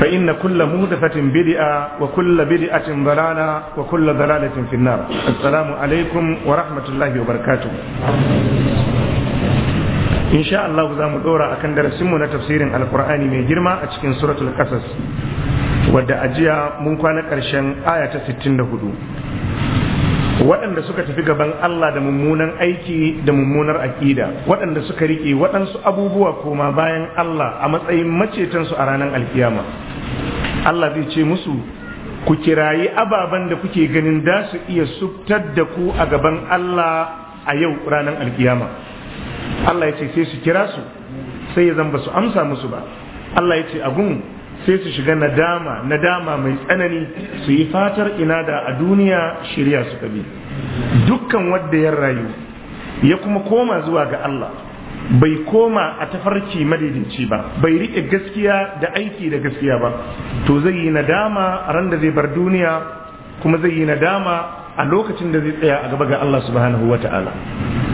فإن كل مهدفة بدعة وكل بدعة ضلالة وكل ضلالة في النار السلام عليكم ورحمة الله وبركاته إن شاء الله زام الدورة أكن درسمنا تفسير القرآن من جرمة أتكين سورة القصص wadda ajiya mun kwana ƙarshen aya ta 64 waɗanda suka tafi gaban Allah da mummunan aiki da mummunar aƙida waɗanda suka riƙe waɗansu abubuwa koma bayan Allah a matsayin macetansu a ranar alkiyama Allah zai ce musu ku kirayi ababen da kuke ganin da su iya subtar da ku a gaban Allah a yau ranar alkiyama Allah ya ce sai su kira su sai ya zamba su amsa musu ba Allah ya ce a gun sai su shiga nadama nadama mai tsanani su yi fatar ina da a duniya shirya suka bi dukkan wanda ya rayu ya kuma koma zuwa ga Allah bai koma a tafarki madidinci ba bai riƙe gaskiya da aiki da gaskiya ba to zai yi nadama a ran da zai bar duniya kuma zai yi nadama a lokacin da zai tsaya a gaba ga Allah subhanahu wa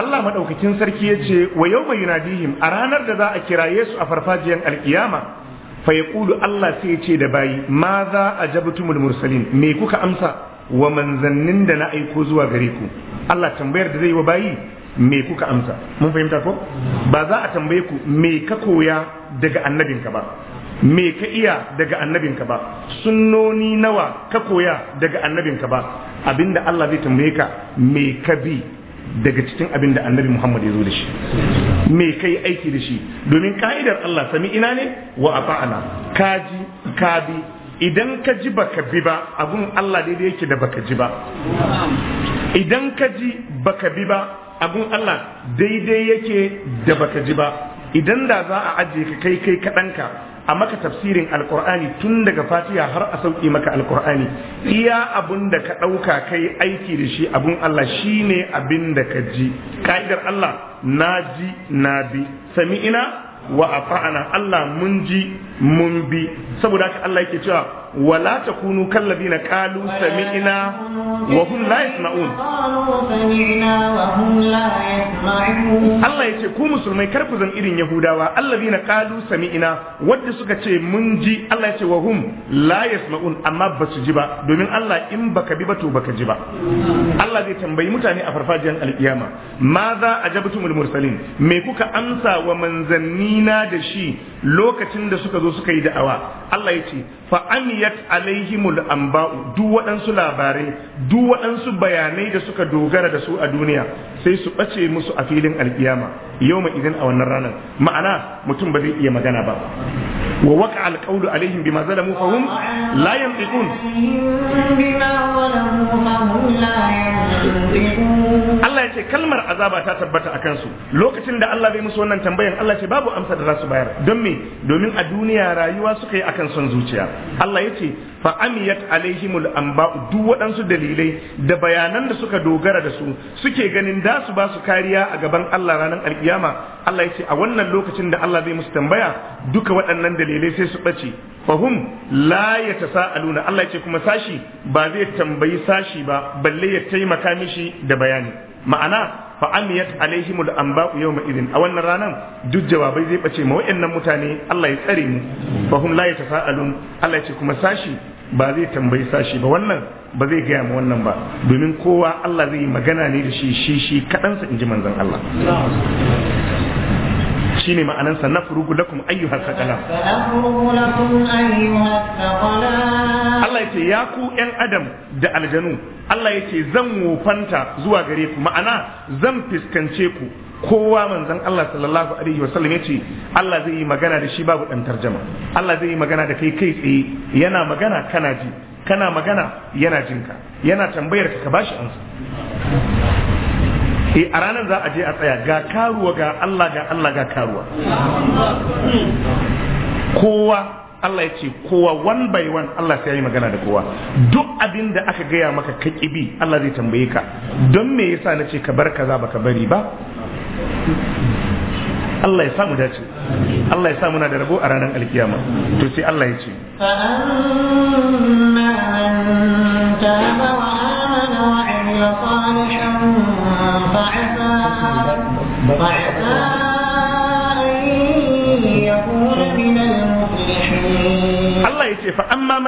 Allah madaukakin sarki ya ce wa yau mai yunadihim a ranar da za a kira Yesu a farfajiyar alkiyama fa ya Allah sai ce da bayi ma za a jabutumul mursalin me kuka amsa wa manzannin da na aiko zuwa gare ku Allah tambayar da zai wa bayi me kuka amsa mun fahimta ko ba za a tambaye ku me ka koya daga annabinka ba me ka iya daga annabinka ba sunnoni nawa ka koya daga annabinka ba abinda Allah zai tambaye ka me ka bi daga cikin abin da annabi Muhammad ya zo da shi me kai aiki da shi domin ka'idar Allah sami ina ne wa ata'ana kaji kabi idan ka ji baka bi ba abun Allah daidai yake da baka ji ba idan ka ji baka bi ba abun Allah daidai yake da baka ji ba idan da za a ajiye ka kai kai kaɗanka a maka tafsirin alkur'ani tun daga fatiha har a sauƙi maka alkur'ani iya abun da ka ɗauka kai aiki da shi abun Allah shine abin da ka ji ka'idar Allah na ji na bi sami'ina wa ata'ana Allah mun ji mun bi saboda haka Allah yake cewa wala takunu kallabina qalu sami'na wa hum la yasma'un Allah yace ku musulmai kar ku zan irin yahudawa allazina qalu sami'na wanda suka ce mun ji Allah yace wa hum la yasma'un amma ba su ji ba domin Allah in baka bi ba to baka ji ba Allah zai tambayi mutane a farfajiyar alkiyama ma za ajabtumul mursalin me kuka amsa wa manzannina da shi lokacin da suka zo suka yi da'awa Allah ya ce fa amiyat alaihimul amba'u duk waɗansu labarai duk waɗansu bayanai da suka dogara da su a duniya sai su ɓace musu a filin alkiyama yau idan a wannan ranar ma'ana mutum ba zai iya magana ba ووقع القول عليهم بما ظلموا فهم لا ينطقون Allah ya ce kalmar azaba ta tabbata a kansu lokacin da Allah zai musu wannan tambayan Allah ya ce babu amsa da za su bayar don me domin a duniya rayuwa suka yi akan son zuciya Allah ya fa amiyat alaihimul anba duk waɗansu dalilai da bayanan da suka dogara da su suke ganin da su ba su kariya a gaban Allah ranar alkiyama Allah yace a wannan lokacin da Allah zai musu tambaya duka waɗannan dalilai sai su ɓace fahum la ya Allah yace kuma sashi ba zai tambayi sashi ba balle ya taimaka mishi da bayani ma'ana fa amiyat al anba'u yawma idin a wannan ranan duk jawabai zai bace ma wayannan mutane Allah ya tsare mu fa hum la yatafa'alun Allah ya ce kuma sashi ba zai tambayi sashi ba wannan ba zai gaya ma wannan ba domin kowa Allah zai magana ne da shi shi shi kadansa inji manzon Allah Shi shine ma'anar sa furugu lakum ayyuha thaqala Allah yace ya ku ƴan adam da aljanu Allah yace zan wofanta zuwa gare ku ma'ana zan fiskance ku kowa manzon Allah sallallahu alaihi wasallam yace Allah zai yi magana da shi babu dan tarjama Allah zai yi magana da kai kai tsaye yana magana kana ji kana magana yana jinka yana tambayar ka ka bashi amsa E a ranar za a je a tsaya ga karuwa ga Allah ga Allah ga karuwa kowa Allah ya ce kowa one by one Allah sai ya yi magana da kowa duk abin da aka gaya maka ka kibi Allah zai tambaye ka don me yasa na ce ka bar kaza baka bari ba Allah ya samu dace Allah ya sa muna da rabo a ranar alkiyama to sai Allah ya ce وعسى آه، أن يكون من المفلحين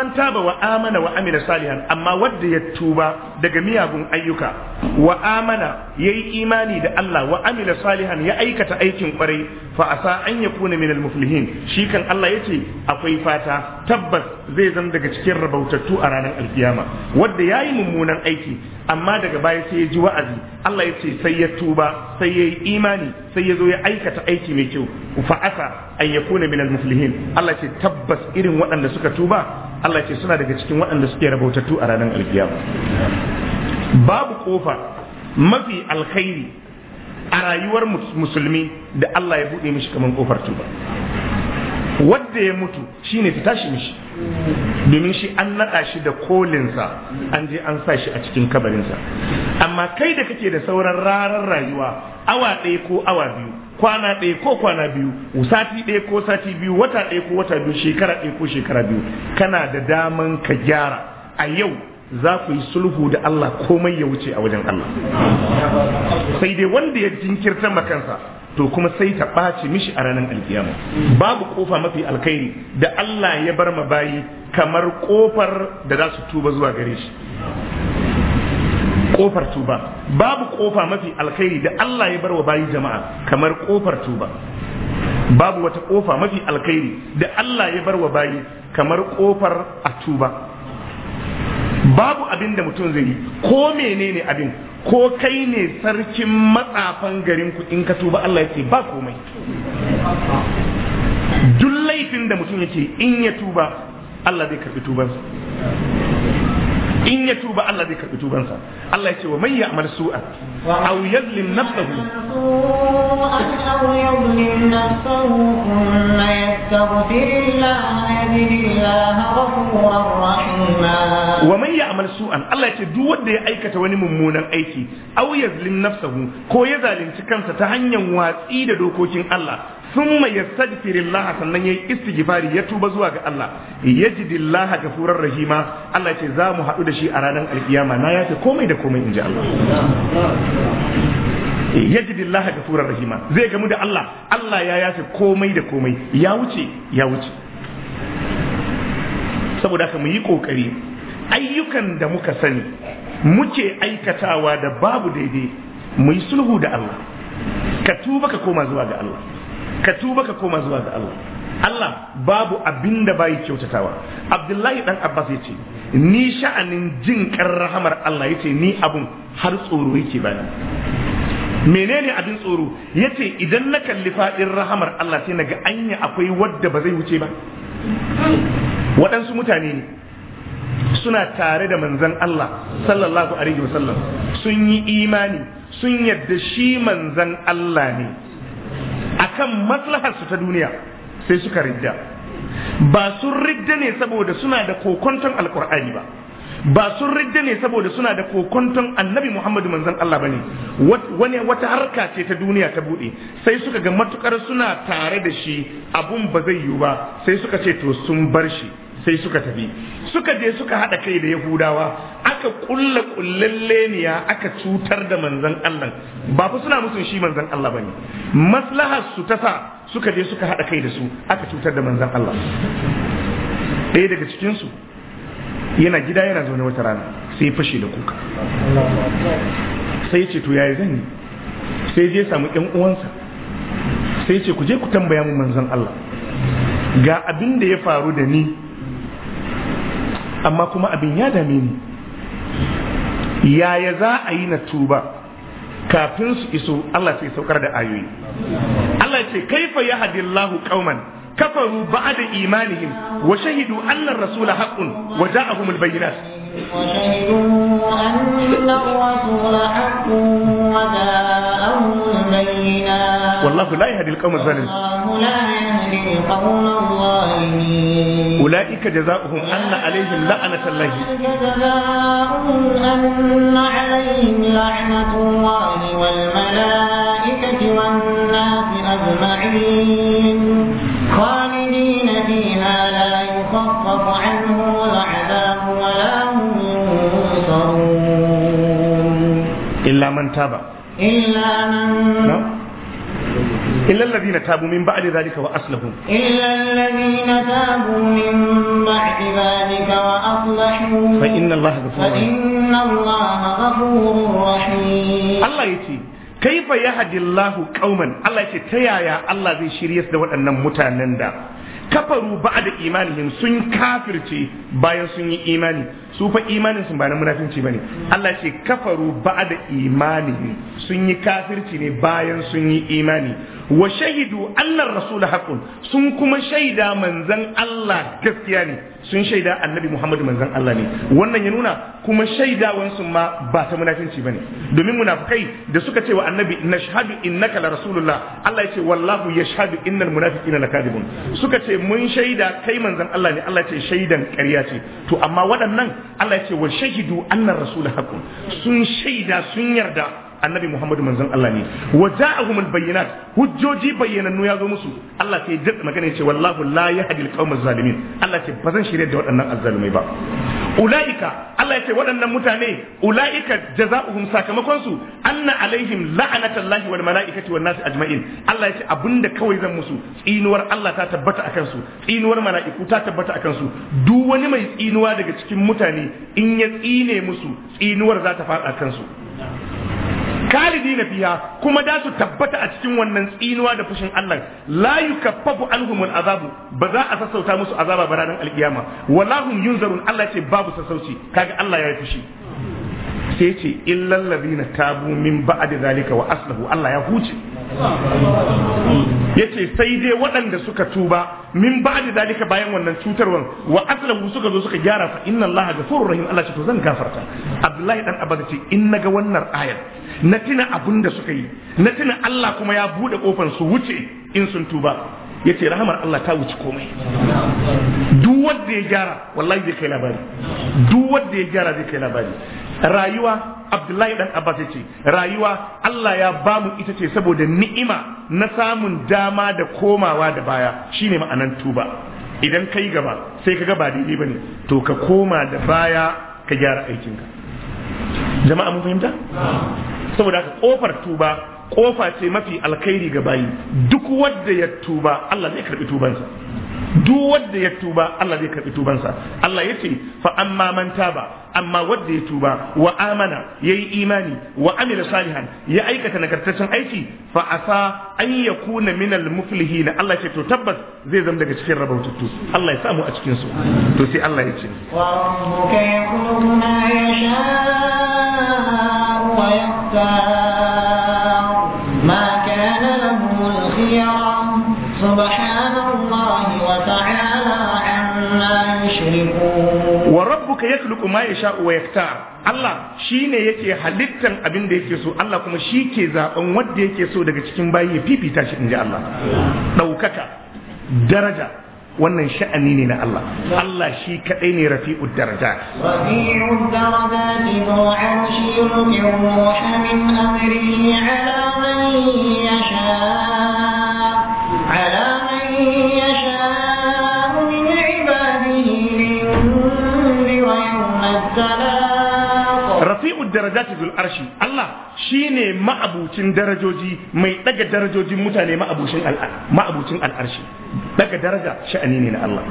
man taba wa amana wa amila salihan amma wanda ya tuba daga miyagun ayyuka wa amana yayi imani da Allah wa amila salihan ya aikata aikin kwarai fa asa an yakuna minal muflihin shi kan Allah yace akwai fata tabbas zai zama daga cikin rabautattu a ranar alkiyama wanda yayi mummunan aiki amma daga baya sai ya ji wa'azi Allah yace sai ya tuba sai yayi imani sai ya zo ya aikata aiki mai kyau fa asa an yakuna minal muflihin Allah ce tabbas irin waɗanda suka tuba Allah ce suna daga cikin waɗanda suke rabautattu a ranar alkiyama babu kofa mafi alkhairi a rayuwar musulmi da Allah ya buɗe mishi kamar kofar tuba wadda ya mutu shine ta tashi mishi domin shi an naɗa shi da kolinsa an je an sa shi a cikin kabarinsa amma kai da kake da sauran ranar rayuwa awa ɗaya ko awa biyu kwana ɗaya ko kwana biyu sati ɗaya ko sati biyu wata ɗaya ko wata biyu shekara ɗaya ko shekara biyu kana da daman ka gyara a yau za ku yi sulhu da Allah komai ya wuce a wajen Allah sai dai wanda ya jinkirta makansa to kuma sai ta ɓaci mishi a ranar alkiyama babu kofa mafi alkhairi da Allah ya bar ma bayi kamar kofar da za su tuba zuwa gare shi kofar tuba babu kofa mafi alkhairi da Allah ya bar wa bayi jama'a kamar kofar tuba babu wata kofa mafi alkhairi da Allah ya bar wa bayi kamar kofar a tuba babu abin da mutum zai yi ko menene abin ko kai ne sarkin matsafan garin ku in ka tuba Allah ya ce ba komai duk laifin da mutum yake in ya tuba Allah zai karbi tubansa in ya tuba Allah zai karbi tubansa Allah ya ce wa man ya'mal su'a aw yazlim nafsahu aw yazlim nafsahu thumma yastaghfirullah yajidillah ghafurur rahima wa man ya'mal su'an Allah ya ce duk wanda ya aikata wani mummunan aiki aw yazlim nafsahu ko ya zalunci kansa ta hanyar watsi da dokokin Allah summa yastaghfirullah sannan yayi istighfari ya tuba zuwa ga Allah yajidillah ghafurur rahima Allah ya ce za mu haɗu da shi shi a ranar alkiyama na yafe komai da komai in ji Allah rahima zai gamu da Allah Allah ya yafe komai da komai ya wuce ya wuce saboda haka mu yi kokari ayyukan da muka sani muke aikatawa da babu daidai mu yi sulhu da Allah ka tuba ka koma zuwa ga Allah ka tuba ka koma zuwa ga Allah Allah babu abinda da bai kyautatawa Abdullahi dan Abbas ya ce ni sha'anin jin rahamar Allah yace ni abun har tsoro yake bani menene abin tsoro yace idan na kalli faɗin rahamar Allah sai naga anya akwai wadda ba zai wuce ba waɗansu mutane ne suna tare da manzan Allah sallallahu alaihi wasallam sun yi imani sun yadda shi manzan Allah ne akan maslahar su ta duniya sai suka ridda ba sun ridda ne saboda suna da kokonton alkur'ani ba ba sun ridda ne saboda suna da kokonton annabi muhammadu manzan Allah ba ne wani wata harka ce ta duniya ta buɗe sai suka ga matukar suna tare da shi abun ba zai yiwu ba sai suka ce to sun bar shi sai suka tafi suka je suka haɗa kai da yahudawa aka ƙulla ƙullalleniya aka cutar da manzan Allah ba fa suna musun shi manzan Allah bane maslahar su ta sa suka je suka haɗa kai da su aka cutar da manzan Allah ɗaya daga cikin su yana gida yana zaune wata rana sai ya fashe da kuka sai ya ce to yayi zan yi sai je samu ɗan uwansa sai ya ce ku je ku tambaya mu manzan Allah ga abin da ya faru da ni amma kuma abin ya dame ni yaya za a yi na tuba kafin su iso Allah sai saukar da ayoyi Allah ce kaifa yahdillahu qauman kafaru ba'da imanihim wa shahidu anna ar-rasula haqqun wa rasu bayyinat وشهدوا أن a حق وذلك wallahu la yahdi al-qawm al-zalim ulaika jazaohum anna alayhim la'nata allahi إلا من تاب إلا الذين تابوا من بعد ذلك وأصلحوا إلا الذين تابوا من بعد ذلك وأصلحوا فإن الله غفور فإن الله غفور رحيم الله يتي كيف يهدي الله قوما الله يتي تيايا الله ذي شريس دوت أن متى نندا kafaru da imanihim sun kafirce bayan sun yi imani su fa imanin sun ba na munafinci bane Allah ce kafaru da imanihim sun yi kafirci ne bayan sun yi imani wa shahidu annar rasul haqqun sun kuma shaida manzon Allah gaskiya ne sun shaida annabi Muhammadu manzon Allah ne wannan ya nuna kuma shaidawan ma ba ta munafinci bane domin munafikai da suka ce wa annabi nashhadu innaka la rasulullah Allah ya ce wallahu yashhadu innal munafiqina lakadibun suka ce mun shaida kai manzon Allah ne Allah ya ce shaidan ƙarya ce to amma waɗannan Allah ya ce wa shahidu annar rasul sun shaida sun yarda annabi muhammadu manzon Allah ne wa ja'ahum bayyinat hujjoji bayyanannu ya zo musu Allah sai ya magana ya ce wallahu la yahdi alqawma zalimin Allah ce ba zan shirye da waɗannan azzalumai ba ulaika Allah ya ce waɗannan mutane ulaika jaza'uhum sakamakon su anna alaihim la'anatullahi wal mala'ikati wan nas ajma'in Allah ya ce abinda kawai zan musu tsinuwar Allah ta tabbata akan su tsinuwar mala'iku ta tabbata akan su duk wani mai tsinuwa daga cikin mutane in ya tsine musu tsinuwar za ta faɗa kansu khalidi na fiya kuma da su tabbata a cikin wannan tsinuwa da fushin Allah la yukaffafu anhumul azabu ba za a sassauta musu azaba ba ranar alkiyama walahum yunzarun Allah ce babu sassauci kaga Allah ya yi fushi sai ce illan ladina tabu min ba'di zalika wa aslahu Allah ya huce yace sai dai waɗanda suka tuba min ba'di zalika bayan wannan cutarwan wa aslahu suka zo suka gyara fa inna Allah ghafurur rahim Allah ce to zan gafarta Abdullahi dan Abbas ce in naga wannan ayat na tuna abin da suka yi na tuna Allah kuma ya bude kofar su wuce in sun tuba Yace rahmar Allah ta wuce komai duk wanda ya gyara wallahi zai kai labari duk wanda ya gyara zai kai labari rayuwa Abdullahi dan Abbas ya ce rayuwa Allah ya bamu ita ce saboda ni'ima na samun dama da komawa da baya shine ma'anan tuba idan kai gaba sai ka ga ba daidai bane to ka koma da baya ka gyara aikinka jama'a mun fahimta saboda haka kofar tuba kofa ce mafi alkhairi ga bayi duk wanda ya tuba Allah zai karbi tubansa duk wanda ya tuba Allah zai karbi tubansa Allah ya ce fa amma man taba amma wanda ya tuba wa amana yayi imani wa amila salihan ya aikata nagartaccen aiki fa asa an yakuna minal muflihin Allah ce to tabbas zai zama daga cikin rabautattu Allah ya samu a cikin su to sai Allah ya ce wa rabbuka yaqulu ma yasha wa yaqta yakhluqu ma yasha'u wa yaktar Allah shine yake halittan abin da yake so Allah kuma shi ke zaben wanda yake so daga cikin bayi ya fifita shi inji Allah daukaka daraja wannan sha'ani ne na Allah Allah shi kadai ne rafi'u daraja rafi'ud daraja min amrihi 'ala man yasha 'ala Rafi'u darajati zul arshi Allah shine ma'abucin darajoji mai daga darajojin mutane ma'abucin al'arshi ma'abucin al'arshi daga daraja sha'ani ne na Allah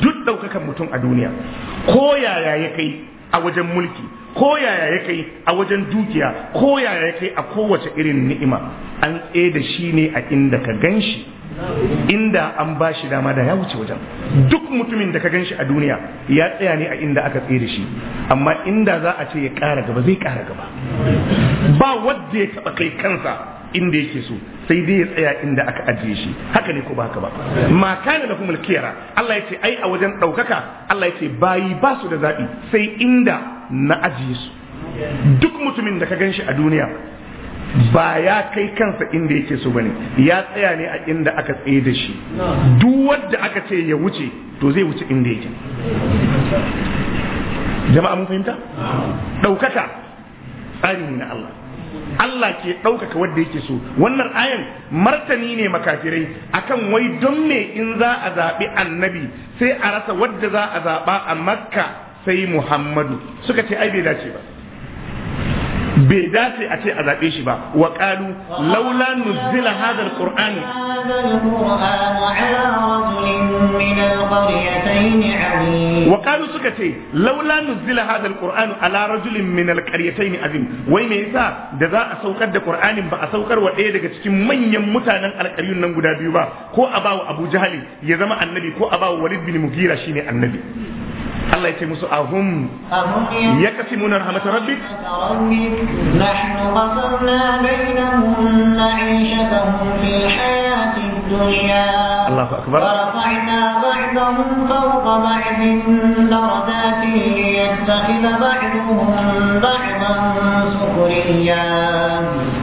duk daukakan mutum a duniya ko yaya ya kai a wajen mulki ko yaya ya kai a wajen dukiya ko yaya ya kai a kowace irin ni'ima an tsaye da shi ne a inda ka ganshi inda an ba shi dama da ya wuce wajen duk mutumin da ka gan shi a duniya ya tsaya ne a inda aka tsere shi amma inda za a ce ya ƙara gaba zai ƙara gaba ba wadda ya taɓa kai kansa inda yake so sai dai ya tsaya inda aka ajiye shi haka ne ko ba haka ba ma kana da kuma kiyara Allah ya ce ai a wajen ɗaukaka Allah ya ce bayi ba su da zaɓi sai inda na ajiye su duk mutumin da ka ganshi a duniya ba ya kai kansa inda yake so bane ya tsaya ne a inda aka tsaye da shi duk wanda aka ce ya wuce to zai wuce inda yake jama'a mun fahimta ɗaukaka tsarin na Allah Allah ke ɗaukaka wanda yake so wannan ayan martani ne makafirai akan wai don me in za a zaɓi annabi sai a rasa wadda za a zaɓa a makka sai muhammadu suka ce ai bai dace ba bai dace a ce a zaɓe shi ba wa ƙalu laula nuzila hadar ƙur'ani wa ƙalu suka ce laula nuzila hadar ƙur'ani ala rajulin min ne azim wai me yasa da za a saukar da ƙur'anin ba a saukar wa ɗaya daga cikin manyan mutanen alƙaryun nan guda biyu ba ko a bawa abu jahali ya zama annabi ko a bawa walid bin mugira shine annabi Allah ya ce musu ahum ya kasi munar rahmatar rabbi nahnu qasamna bainahum ma'ishatahum fil hayati dunya Allahu akbar rafa'na ba'dahum fawqa ba'din darajatin liyattakhidha ba'dahum ba'dan sukhriya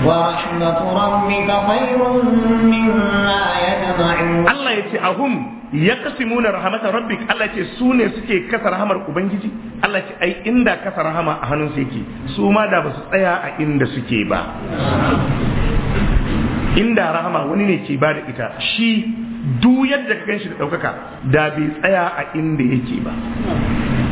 wa rahmatu rabbika khayrun mimma yajma'un Allah ya ce ahum yaqsimuna rahmata rabbik Allah ce su ne suke kasa rahamar ubangiji Allah ce ai inda kasa rahama a hannun sai yake su ma da basu tsaya a inda suke ba inda rahama wani ne ke ba da ita shi du yadda ka shi da ɗaukaka da bai tsaya a inda yake ba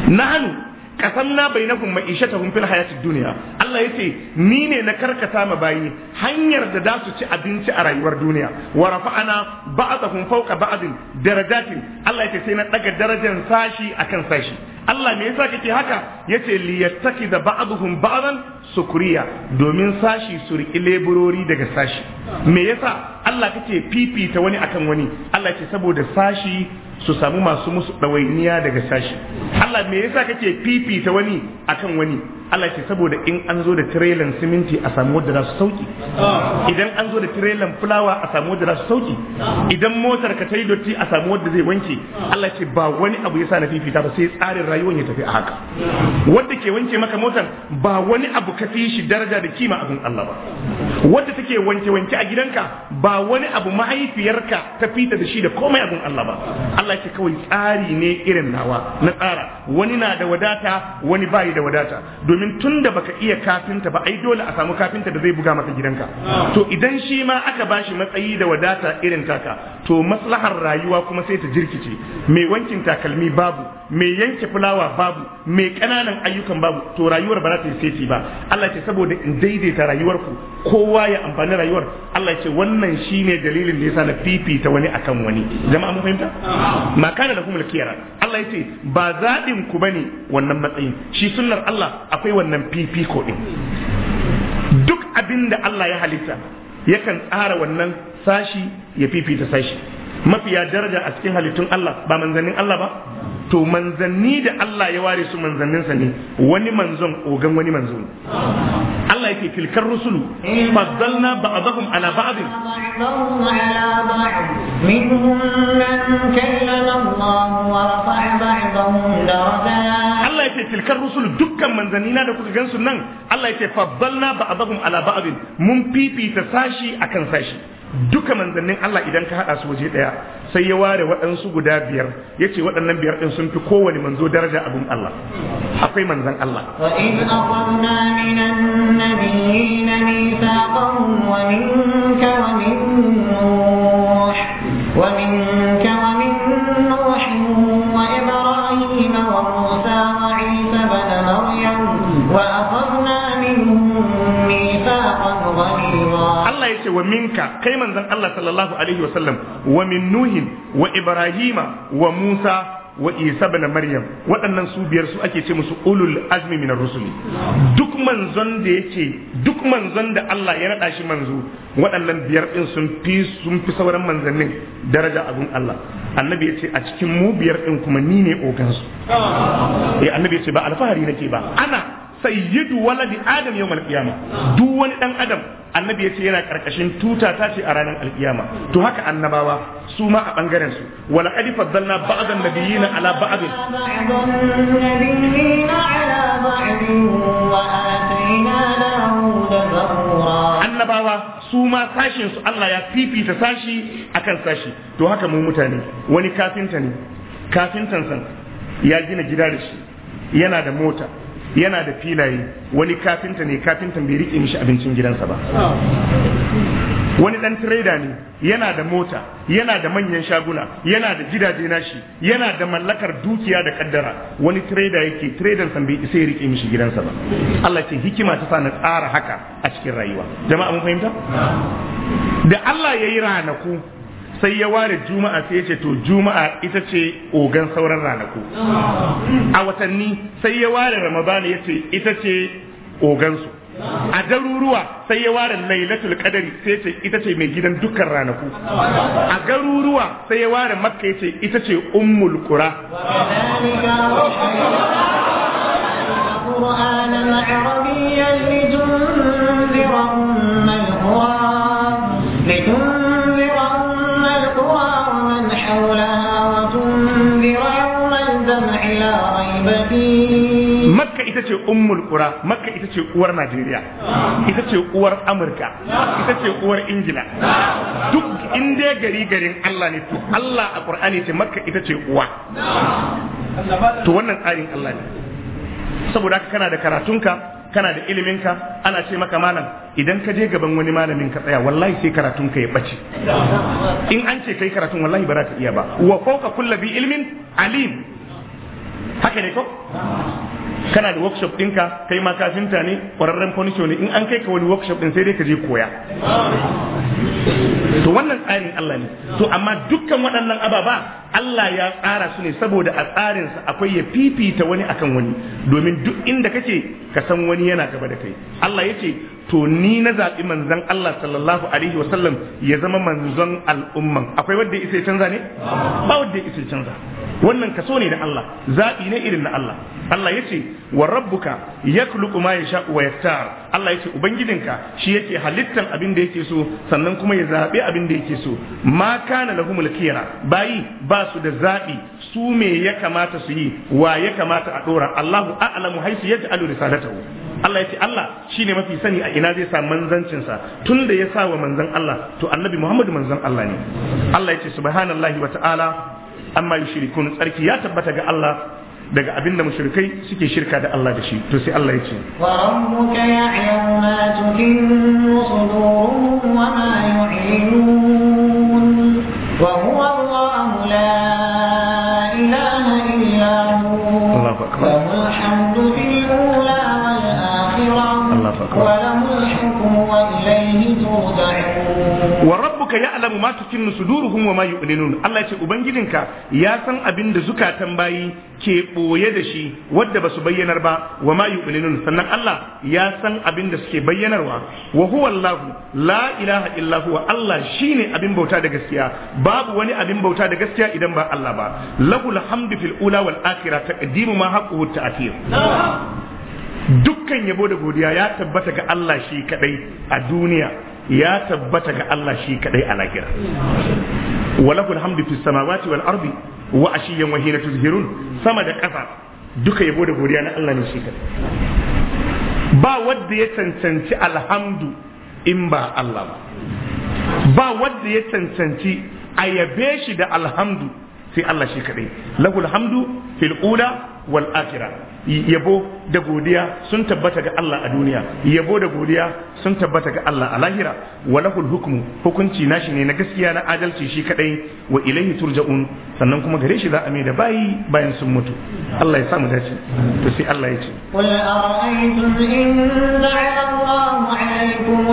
hannu. qasamna bainakum ma'ishatahum fil hayatid dunya Allah yace ni ne na karkata ma bayi hanyar da za su ci abinci a rayuwar duniya wa rafa'ana ba'dahum fawqa ba'din darajatin Allah yace sai na daga darajar sashi akan sashi Allah me yasa kake haka yace li yattakida ba'dhum ba'dan sukuriya domin sashi su riki leburori daga sashi me yasa Allah kake fifita wani akan wani Allah yace saboda sashi su samu masu musu ɗawainiya daga sashi Allah me yasa kake fifita wani akan wani Allah ce saboda in an zo da tirelan siminti a samu wadda za su sauki idan an zo da tirelan fulawa a samu wadda za su sauki idan motar ka ta yi dotti a samu wadda zai wanke Allah ce ba wani abu yasa na fifita ba sai tsarin rayuwar ya tafi a haka wadda ke wanke maka motar ba wani abu ka fi shi daraja da kima abin Allah ba wadda take wanke-wanke a gidanka ba wani abu mahaifiyarka ta fita da shi da komai abin Allah ba Allah ce kawai tsari ne irin nawa na tsara wani na da wadata wani bayi da wadata domin tun da baka iya kafinta ba ai dole a samu kafinta da zai buga maka gidanka to idan shi ma aka bashi matsayi da wadata irin taka to maslahar rayuwa kuma sai ta jirkice mai wankin takalmi babu mai yanke fulawa babu mai ƙananan ayyukan babu to rayuwar ba za ta yi seti ba Allah ce saboda in daidaita rayuwarku kowa ya amfani rayuwar Allah ce wannan shine dalilin da yasa na fifita wani akan wani jama'a mun fahimta ma kana da kuma kiyara Allah ce ba zaɗin ku bane wannan matsayin shi sunnar Allah akwai wannan fifiko din duk abin da Allah ya halitta yakan tsara wannan sashi ya fifita sashi mafiya daraja a cikin halittun Allah ba manzannin Allah ba to manzanni da Allah ya ware su manzanninsa ne wani manzon ogan wani manzo ne Allah yake tilkar rusulu faddalna ba'dahum ala ba'd منهم من كلم Allah ya ce tilkar rusulu dukkan na da kuka gansu nan Allah ya ce faddalna ba'dahum ala ba'd mun fifita sashi akan sashi duka manzannin Allah idan ka hada su waje daya sai ya ware waɗansu guda biyar yace waɗannan biyar din sun fi kowane manzo daraja abun Allah akwai manzan Allah wa in aqamna minan nabiyyin mithaqan wa minka wa min nuh wa wa musa Allah ya ce wa minka kai manzon Allah sallallahu alaihi wa min wa ibrahima wa musa wa isa bin maryam waɗannan su biyar su ake ce musu ulul azmi min rusuli duk manzon da yake duk manzon da Allah ya naɗa shi manzo waɗannan biyar din sun fi sun fi sauran manzannin daraja abun Allah annabi ya ce a cikin mu biyar din kuma ni ne su, ya eh, annabi ya ce ba alfahari nake ba ana sayyidu waladi adam yau alkiyama duk wani dan adam annabi ya ce yana karkashin tuta ta ce a ranar alkiyama to haka annabawa su ma a bangaren su wala qad faddalna ba'dan nabiyina ala ba'd annabawa su ma sashin su Allah ya fifita sashi akan sashi to haka mu mutane wani kafinta ne kafintan san ya gina gida da shi yana da mota yana da filaye wani kafinta ne kafintan bai rike mishi abincin gidansa ba wani dan tireda ne yana da mota yana da manyan shaguna yana da gidaje nashi yana da mallakar dukiya da kaddara wani tireda yake trader san bai isa ya rike mishi gidansa ba Allah ce hikima ta sa na tsara haka a cikin rayuwa jama'a mun fahimta da Allah yayi ranaku sai ya ware juma'a sai ya ce to juma'a ita ce ogan sauran ranaku a watanni sai ya ware ramadan ya ce ita ce ogansu a garuruwa sai ya ware lailatul qadari sai ce ita ce mai gidan dukkan ranaku a garuruwa sai ya ware makka ya ce ita ce ummul qura qur'ana ummul qura makka ita ce uwar najeriya ita ce uwar amurka ita ce uwar ingila duk inda gari garin allah ne to allah a qur'ani ce makka ita ce uwa to wannan tsarin allah ne saboda haka kana da karatunka kana da iliminka ana ce maka malam idan ka je gaban wani malamin ka tsaya wallahi sai karatun ya bace in an ce kai karatun wallahi ba za ka iya ba wa fauka kulli bi ilmin alim haka ne ko kana da workshop ɗinka kai ma kafinta ne ƙwararren furniture ne in an kai ka wani workshop ɗin sai dai ka je koya to wannan tsarin Allah ne to amma dukkan waɗannan ababa Allah ya tsara su ne saboda a tsarinsa akwai ya fifita wani akan wani domin duk inda kake ka san wani yana gaba da kai Allah ya ce to ni na zaɓi manzon Allah sallallahu alaihi wa ya zama manzon al'umman akwai wanda ya canza ne ba wanda ya canza wannan kaso ne na Allah zaɓi ne irin na Allah Allah ya ce wa rabbuka ya ma ya sha'u wa yaktar Allah ya ce ubangijinka shi yake halittan abin da yake so sannan kuma ya zaɓi abin da yake so ma kana lahumul mulkiyara bayi ba su da zaɓi su me ya kamata su yi wa ya kamata a ɗora Allahu a'lamu haisu yaj'alu risalatahu Allah ya ce Allah shi ne mafi sani a ina zai sa manzancinsa tun da ya sa wa manzan Allah to annabi Muhammadu manzan Allah ne Allah ya ce subhanallahi wa ta'ala amma yushrikun tsarki ya tabbata ga Allah daga abin da mushrikai suke shirka da Allah da shi to sai Allah ya ce wa rabbuka ya'lamu ma tukinnu suduruhum wa ma yu'linun wa huwa Allahu la ilaha illa Allahu akbar rabbuka ya'lamu ma tukinnu suduruhum wa ma yu'linun Allah ce ubangijinka ya san abin da zukatan bayi ke boye da shi wadda basu bayyanar ba wa ma yu'linun sannan Allah ya san abin da suke bayyanarwa wa huwa Allah la ilaha illa huwa Allah shine abin bauta da gaskiya babu wani abin bauta da gaskiya idan ba Allah ba lahul hamdu fil ula wal akhirah taqdimu ma haqquhu dukkan yabo da godiya ya tabbata ga Allah shi kadai a duniya ya tabbata ga Allah shi kadai a lahira walakul hamdu fis samawati wal ardi wa ashiyan wa hina tuzhirun sama da ƙasa duka yabo da godiya na Allah ne shi kadai ba wanda ya cancanci alhamdu in ba Allah ba ba wanda ya cancanci a yabe shi da alhamdu sai Allah shi kadai lahul hamdu fil ula wal yabo da godiya sun tabbata ga Allah a duniya yabo da godiya sun tabbata ga Allah a lahira wa lahul hukmu hukunci nashi ne na gaskiya na adalci shi kadai wa ilaihi turja'un sannan kuma gare shi za a mai da bayi bayan sun mutu Allah ya samu dace to sai Allah ya ce qul ara'aytum in ja'ala Allahu 'alaykum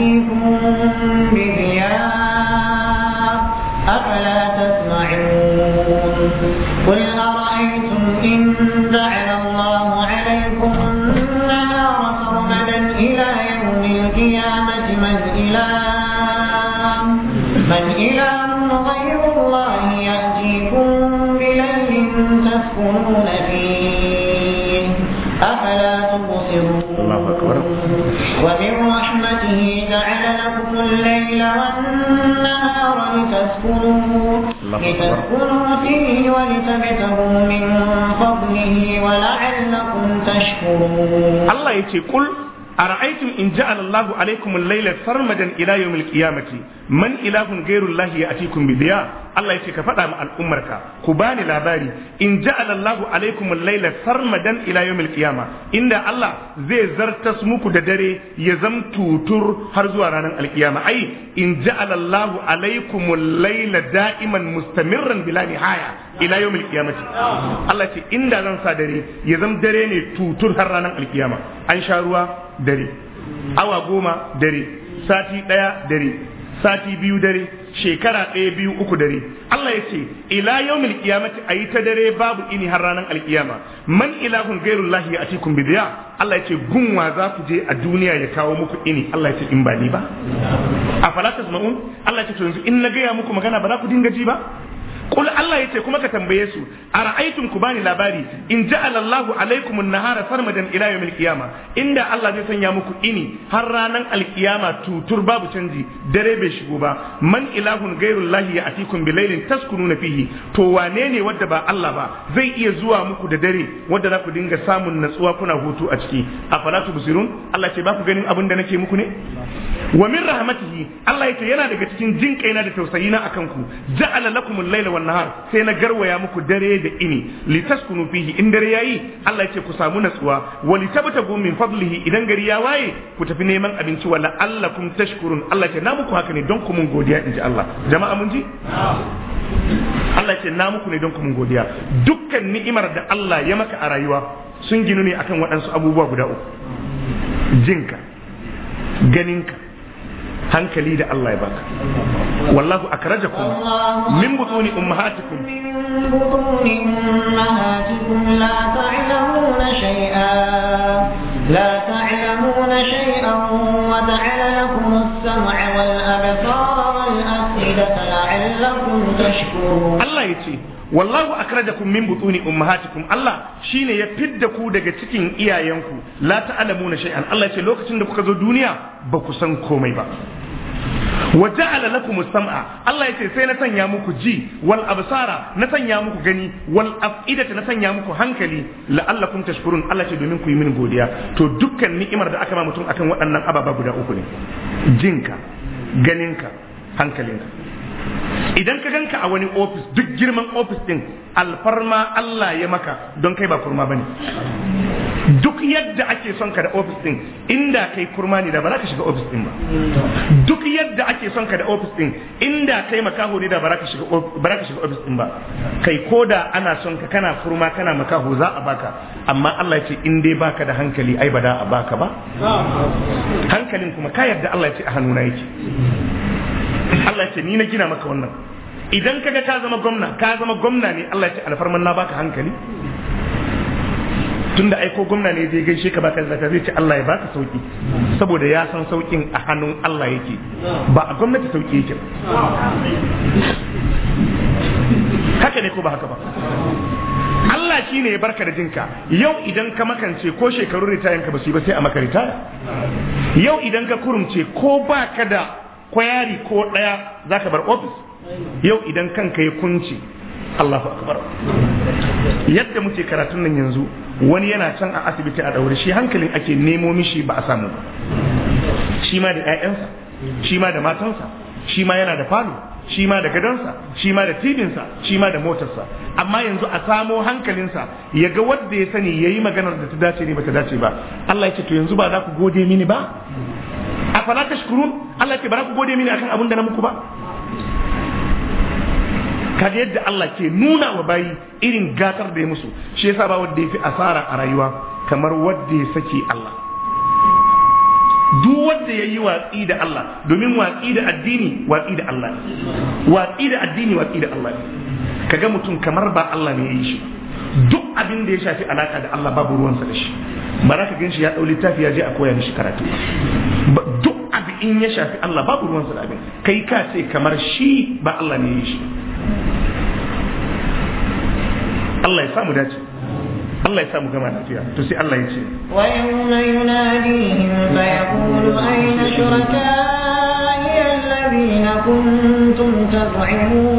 يأتكم بضياء أفلا تسمعون قل أرأيتم إن جعل الله عليكم النهار سرمدا إلى يوم القيامة لتسكنوا, لتسكنوا فيه ولتبتغوا من فضله ولعلكم تشكرون الله يتي أرأيتم إن جعل الله عليكم الليل سرمدا إلى يوم القيامة من إله غير الله يأتيكم بضياء Allah ya ce ka faɗa ma al'ummarka ku bani labari in ja'ala Allahu alaikum al-laila sarmadan ila yawmil qiyama inda Allah zai zartas muku da dare ya zam tutur har zuwa ranar alkiyama ai in ja'ala Allahu alaikum al-laila da'iman mustamirran bila nihaya ila yawmil qiyamati Allah ce inda zan sa dare ya zam dare ne tutur har ranar alkiyama an sha ruwa dare awa goma dare sati daya dare sati biyu dare shekara ɗaya biyu uku dare Allah ya ce ila yau yawmil a ayi ta dare babu ini har ranar alkiyama man ilahun ghairullahi ya atikum bidiya Allah ya ce gunwa za ku je a duniya ya kawo muku ini Allah ya ce in ba ni ba a Allah ya ce to yanzu in na gaya muku magana ba za ku dinga ji ba kul Allah yace kuma ka tambaye su ara'aytum ku bani labari in ja'ala Allahu alaykum an-nahara sarmadan ila yawmil qiyama inda Allah zai sanya muku ini har ranar alkiyama tutur babu canji dare bai shigo ba man ilahun ya ghairullahi ya'tikum bilailin taskununa fihi to wane ne wanda ba Allah ba zai iya zuwa muku da dare wanda za ku dinga samun natsuwa kuna hutu a ciki afala tubsirun Allah ce ba ku ganin abin da nake muku ne wa min rahmatihi Allah yace yana daga cikin jinkaina da tausayina akan ku ja'ala lakumul laila wan nahar sai na garwaya muku dare da ini taskunu fihi in dare yayi Allah yake ce ku samu natsuwa wa litabtagu min fadlihi idan gari ya waye ku tafi neman abinci wala allakum tashkurun Allah ce na muku haka ne don ku mun godiya inji Allah jama'a mun ji Allah ce na muku ne don ku mun godiya dukkan ni'imar da Allah ya maka a rayuwa sun ginu ne akan waɗansu abubuwa guda uku jinka ganinka hankali da Allah ya baka wallahu akrajakum min butuni ummahatikum min butuni ummahatikum la ta'lamuna shay'an la ta'lamuna shay'an wa ta'ala lakum as-sam'a wal absara wal afida la'allakum tashkurun wallahu akhrajakum min butuni ummahatikum Allah shine ya fidda ku daga cikin iyayenku la ta'lamuna shay'an Allah ce lokacin da kuka zo duniya ba ku san komai ba wa ja'ala lakum sam'a Allah yace sai na sanya muku ji wal absara na sanya muku gani wal af'idata na sanya muku hankali la'allakum tashkurun Allah ce domin ku yi min godiya to dukkan ni'imar da aka ba mutum akan waɗannan ababa guda uku ne jinka ganinka hankalinka idan ka ganka a wani ofis duk girman ofis din alfarma Allah ya maka don kai ba kurma bane duk yadda ake son ka da ofis din inda kai kurma ne da ba za ka shiga ofis din ba duk yadda ake son ka da ofis din inda kai makaho ne da ba za ka shiga ofis din ba kai ko da ana son ka kana kurma kana makaho za a baka amma Allah ya ce in dai baka da hankali ai ba da a baka ba hankalin kuma ka yarda Allah ya ce a hannuna yake Allah ya ce ni na gina maka wannan idan kaga ka zama gwamna ka zama gwamna ne Allah ce alfarman na baka hankali tunda ai ko gwamna ne zai gaishe ka baka zaka zai ce Allah ya baka sauki saboda ya san saukin a hannun Allah yake ba a gwamnati sauki yake haka ne ko ba haka ba Allah shi ne ya barka da jinka yau idan ka makance ko shekaru ritayen ka ba su yi ba sai a maka ritaya yau idan ka kurumce ko ba ka da kwayari ko ɗaya za ka bar ofis yau idan kanka ya kunci Allahu akbar yadda muke karatun nan yanzu wani yana can a asibiti a daure shi hankalin ake nemo mishi ba a samu ba shi ma da 'ya'yansa shi ma da matansa shi ma yana da falo shi ma da gadonsa shi ma da tibinsa shi ma da motarsa amma yanzu a samo hankalinsa ya ga wadda ya sani ya yi maganar da ta dace ne ba ta dace ba Allah ya ce to yanzu ba za ku gode mini ba afala tashkurun Allah ce ba ku gode mini akan abin da na muku ba kaga yadda Allah ke nuna wa bayi irin gatar da ya musu shi yasa ba wanda ya fi asara a rayuwa kamar wanda ya saki Allah duk wanda yayi yi watsi da Allah domin watsi da addini watsi da Allah watsi da addini watsi da Allah kaga mutum kamar ba Allah ne ya yi shi ba duk abin da ya shafi alaka da Allah babu ruwansa da shi ba za ka gan shi ya ɗau littafi ya je a koya mishi karatu duk abin in ya shafi Allah babu ruwansa da abin kai ka ce kamar shi ba Allah ne ya yi shi Allah ya samu dace Allah ya samu gama lafiya to sai Allah ya ce wa yawma yunadihim fa yaqulu ayna shuraka'i alladhina kuntum tad'un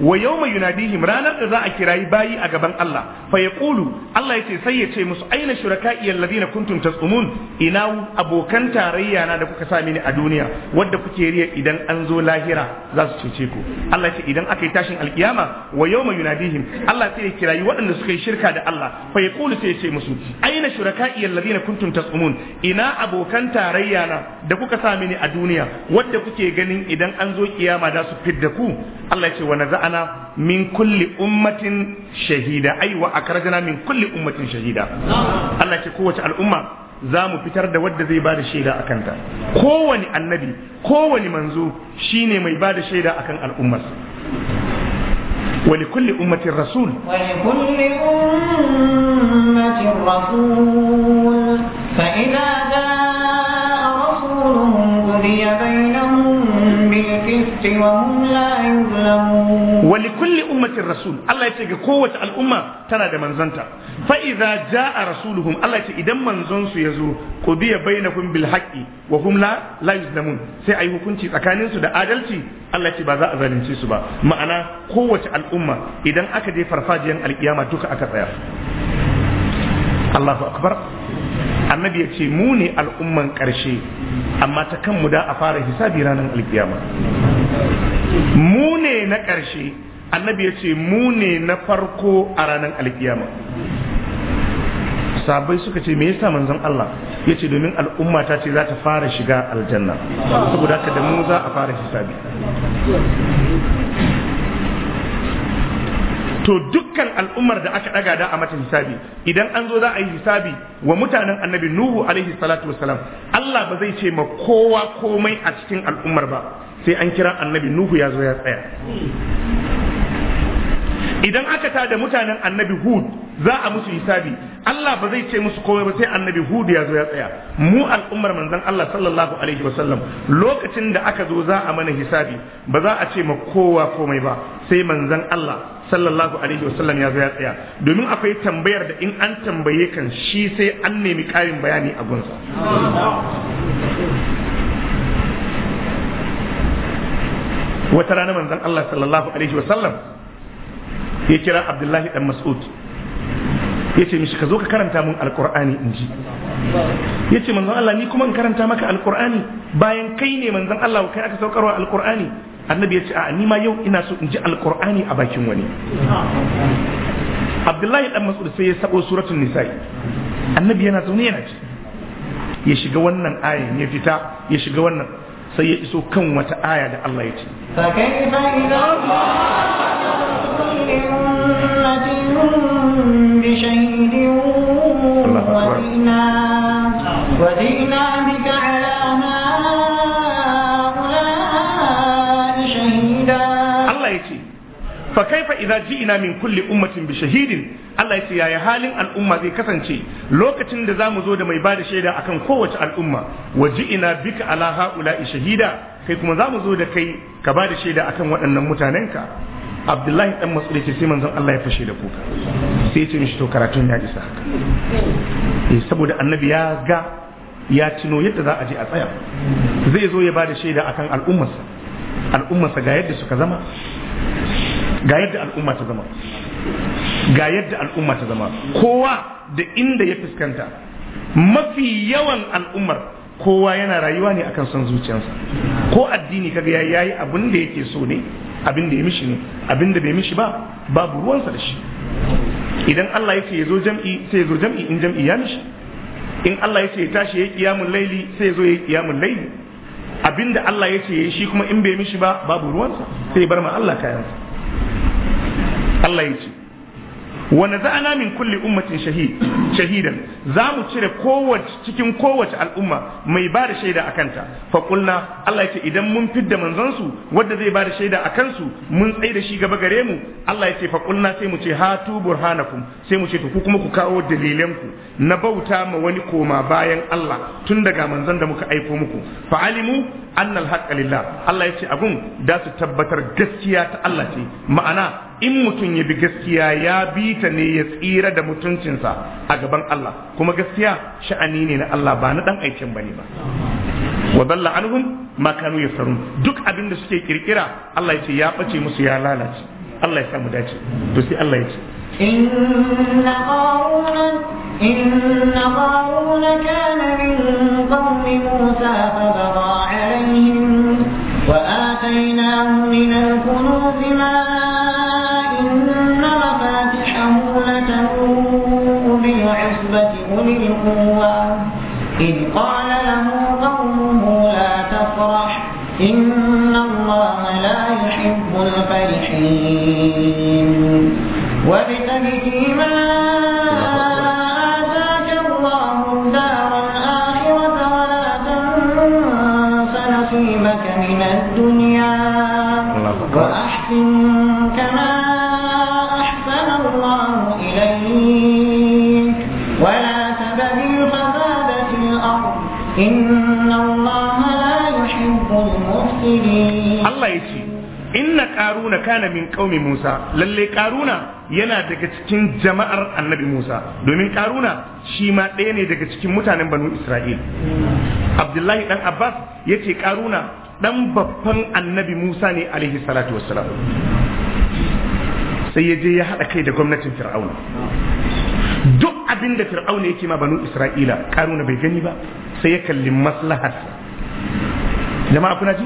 wa yawma yunadihim ranar da za a kirayi bayi a gaban Allah fa yaqulu Allah ya ce sai ya ce musu aina shuraka'i alladhina kuntum tasumun ina abokan tarayya na da kuka sa mini a duniya wadda kuke riya idan an zo lahira za su cece ku Allah ya ce idan aka yi tashin alkiyama wa yawma yunadihim Allah sai ya kirayi waɗanda suka yi shirka da Allah fa yaqulu sai ya ce musu aina shuraka'i alladhina kuntum tasumun ina abokan tarayya na da kuka sa mini a duniya wadda kuke ganin idan an zo kiyama za su fidda ku Allah ya yace wa naza'a Ana min kulli ummatin shahida ai wa akrajna min kulli ummatin shahida Allah ke kowace al'umma za mu fitar da wadda zai ba da shaida a kanta kowane annabi kowane manzo shine mai ba da shaida akan al'ummar ولكل أمة الرسول ولكل Wani وهم لا يظلمون ولكل أمة الرسول الله يتيجي قوة الأمة تنا دا منزنتا فإذا جاء رسولهم الله يتيجي إذا منزنس يزو قضي بينهم بالحق وهم لا لا يظلمون سي أي hukunci tsakanin su da adalci Allah ce ba za a zalunce su ba ma'ana kowace al'umma idan aka je farfajiyan alkiyama duka aka tsaya Allahu akbar annabi ya ce mu ne al'umman ƙarshe amma ta mu da a fara hisabi ranar alkiyama mu ne na ƙarshe annabi ya ce mu ne na farko a ranar alkiyama sabai suka ce me yasa manzon Allah ya ce domin al'umma ta ce za ta fara shiga aljanna saboda haka da mu za a fara hisabi to dukkan al'ummar da aka ɗaga da a mata hisabi idan an zo za a yi hisabi wa mutanen annabi nuhu alaihi salatu wasalam Allah ba zai ce ma kowa komai a cikin al'ummar ba sai an kira annabi nuhu ya zo ya tsaya idan aka tada mutanen annabi hud za a musu hisabi Allah ba zai ce musu komai ba sai annabi hud ya zo ya tsaya mu al'ummar manzon Allah sallallahu alaihi wasallam lokacin da aka zo za a mana hisabi ba za a ce ma kowa komai ba sai manzon Allah sallallahu alaihi wasallam ya zo ya tsaya domin akwai tambayar da in an tambaye kan shi sai an nemi karin bayani a gunsa wata rana manzon Allah sallallahu alaihi wa sallam ya kira Abdullahi dan Mas'ud ya ce mishi ka zo ka karanta mun alkur'ani in ji ya ce manzon Allah ni kuma in karanta maka alkur'ani bayan kai ne manzon Allah kai aka saukarwa alkur'ani annabi ya ce a ni ma yau ina so in ji alkur'ani a bakin wani abdullahi dan mas'ud sai ya sabo suratul nisa'i annabi yana zaune yana ci ya shiga wannan ayin ya fita ya shiga wannan sai ya iso kan wata aya da Allah ya ce وجئنا fa kaifa idza ina min kulli ummatin bi shahidin Allah yace yaya halin al'umma zai kasance lokacin da zamu zo da mai bada shaida akan kowace al'umma wa ina bika ala haula'i shahida kai kuma zamu zo da kai ka bada shaida akan waɗannan mutanenka Abdullahi dan Mas'ud yace sai manzon Allah ya fashe da kuka sai yace mishi to karatun ya isa eh saboda annabi ya ga ya tuno yadda za a je a tsaya zai zo ya bada shaida akan al'ummarsa al'ummarsa ga yadda suka zama ga yadda al'umma ta zama ga yadda al'umma ta zama kowa da inda ya fuskanta mafi yawan al'ummar kowa yana rayuwa ne akan son zuciyarsa ko addini kaga ya yayi abin da yake so ne abin da ya mishi ne abin da bai mishi ba babu ruwansa da shi idan Allah ya ce ya zo jam'i sai ya zo jam'i in jam'i ya mishi in Allah ya ce ya tashi ya yi kiyamun laili sai ya zo ya yi kiyamun laili abinda Allah ya ce ya yi shi kuma in bai mishi ba babu ruwansa sai bar ma Allah kayansa Allah ya ce wa naza'ana min kulli ummatin shahid shahidan za mu cire kowace cikin kowace al'umma mai ba da shaida a kanta fa qulna Allah ya ce idan mun fidda manzon su wanda zai ba da shaida a kansu mun tsaye da shi gaba gare mu Allah ya ce fa qulna sai mu ce hatu burhanakum sai mu ce to ku kuma ku kawo dalilan ku na bauta ma wani koma bayan Allah tun daga manzon da muka aiko muku fa alimu annal haqqa lillah Allah ya ce abun da su tabbatar gaskiya ta Allah ce ma'ana in mutum ya bi gaskiya ya bi ita ne ya tsira da mutuncinsa a gaban Allah kuma gaskiya sha'ani ne na Allah ba na dan aikin bane ba wa dalla anhum ma kanu yasarun duk abin da suke kirkira Allah ya ce ya bace musu ya lalace Allah ya mu dace to sai Allah ya ce inna qaruna إن قارون كان musa قوم موسى wa atainahu min al الكنوز إذ قال له قومه لا تفرح إن الله لا يحب الفرحين وابتغ فيما Karuna kana min Musa lalle karuna yana daga cikin jama'ar annabi Musa domin Karuna shi ma ɗaya ne daga cikin mutanen banu Isra'il Abdullahi dan Abbas ya ce Karuna dan babban annabi Musa ne alaihi salatu wassalam sai ya je ya haɗa kai da gwamnatin fir'auna duk abin da fir'auna yake ma banu isra'ila karuna bai gani ba sai ya kalli maslahar jama'a kuna ji